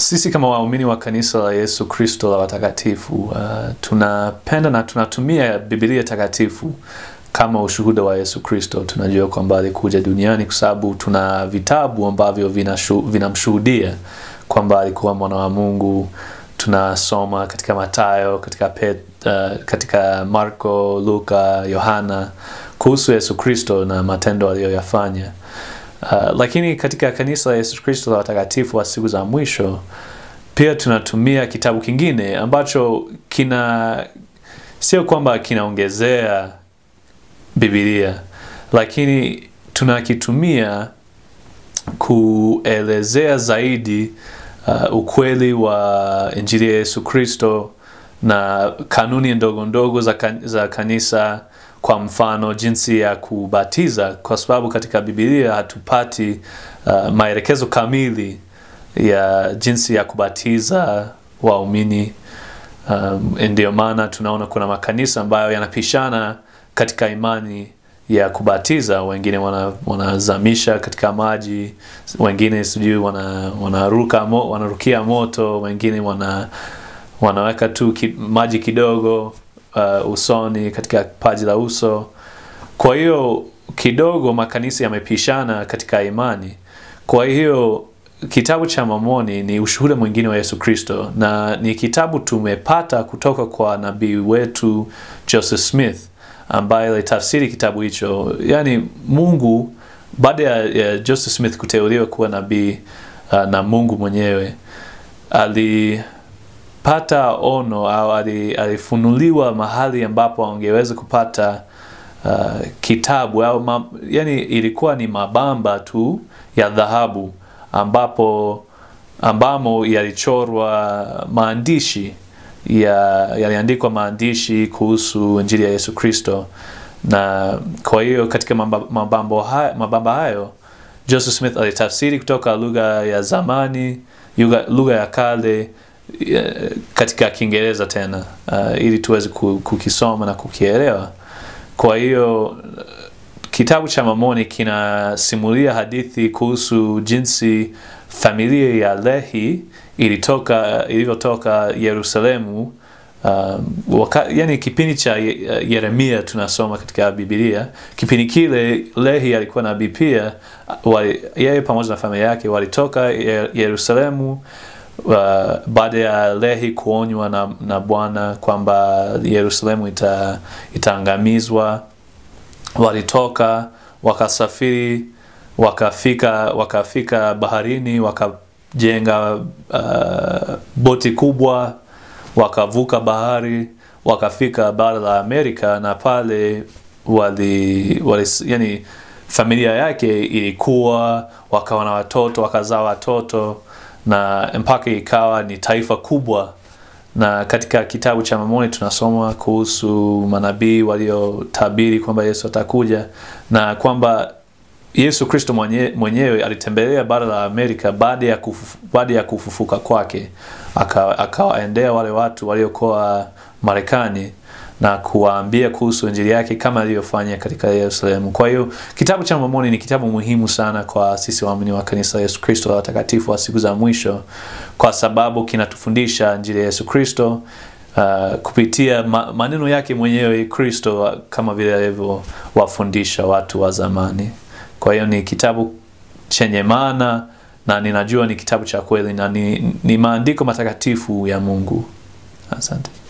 Sisi kama waumini wa kanisa la Yesu Kristo la watakatifu uh, tunapenda na tunatumia Biblia takatifu kama ushuhuda wa Yesu Kristo. Tunajua kwamba alikuja duniani kwa sababu tuna vitabu ambavyo vinamshuhudia vina kwamba alikuwa mwana wa Mungu. Tunasoma katika Matayo, katika, Pet, uh, katika Marko, Luka, Yohana kuhusu Yesu Kristo na matendo aliyoyafanya Uh, lakini katika kanisa la Yesu Kristo la watakatifu wa siku za mwisho pia tunatumia kitabu kingine ambacho kina sio kwamba kinaongezea Biblia, lakini tunakitumia kuelezea zaidi uh, ukweli wa Injili ya Yesu Kristo na kanuni ndogo ndogo za, kan za kanisa kwa mfano jinsi ya kubatiza, kwa sababu katika Biblia hatupati uh, maelekezo kamili ya jinsi ya kubatiza waumini. Um, ndio maana tunaona kuna makanisa ambayo yanapishana katika imani ya kubatiza. Wengine wanazamisha wana katika maji, wengine sijui wanaruka wana wanarukia moto, wengine wana, wanaweka tu ki, maji kidogo uh, usoni, katika paji la uso. Kwa hiyo kidogo makanisa yamepishana katika imani. Kwa hiyo kitabu cha Mormoni ni ushuhuda mwingine wa Yesu Kristo na ni kitabu tumepata kutoka kwa nabii wetu Joseph Smith ambaye alitafsiri kitabu hicho. Yaani Mungu baada ya Joseph Smith kuteuliwa kuwa nabii uh, na Mungu mwenyewe ali alipata ono au alifunuliwa mahali ambapo angeweza kupata uh, kitabu au ma, yani ilikuwa ni mabamba tu ya dhahabu ambapo ambamo yalichorwa maandishi ya yaliandikwa maandishi kuhusu injili ya Yesu Kristo, na kwa hiyo katika mabambo hayo, mabamba hayo Joseph Smith alitafsiri kutoka lugha ya zamani, lugha ya kale Eh, katika Kiingereza tena uh, ili tuweze kukisoma na kukielewa. Kwa hiyo eh, kitabu cha mamoni kinasimulia hadithi kuhusu jinsi familia ya Lehi ilitoka ilivyotoka Yerusalemu uh, waka, yani kipindi cha Yeremia tunasoma katika Biblia. Kipindi kile Lehi alikuwa nabii pia, yeye pamoja na familia yake walitoka Yerusalemu uh, baada ya lehi kuonywa na, na Bwana kwamba Yerusalemu ita, itaangamizwa, walitoka wakasafiri, wakafika wakafika baharini, wakajenga uh, boti kubwa, wakavuka bahari, wakafika bara la Amerika, na pale wali, wali yani familia yake ilikuwa, wakawa na watoto, wakazaa watoto na mpaka ikawa ni taifa kubwa na katika kitabu cha Mamoni tunasoma kuhusu manabii waliotabiri kwamba Yesu atakuja na kwamba Yesu Kristo mwenye, mwenyewe alitembelea bara la Amerika baada ya, kufu, baada ya kufufuka kwake, akawaendea wale watu waliokoa Marekani na kuwaambia kuhusu injili yake kama alivyofanya katika Yerusalemu. Kwa hiyo kitabu cha Mormoni ni kitabu muhimu sana kwa sisi waamini wa kanisa la Yesu Kristo watakatifu wa siku za mwisho, kwa sababu kinatufundisha injili ya Yesu Kristo uh, kupitia ma, maneno yake mwenyewe Kristo kama vile alivyowafundisha watu wa zamani. Kwa hiyo ni kitabu chenye maana na ninajua ni kitabu cha kweli na ni, ni maandiko matakatifu ya Mungu. Asante.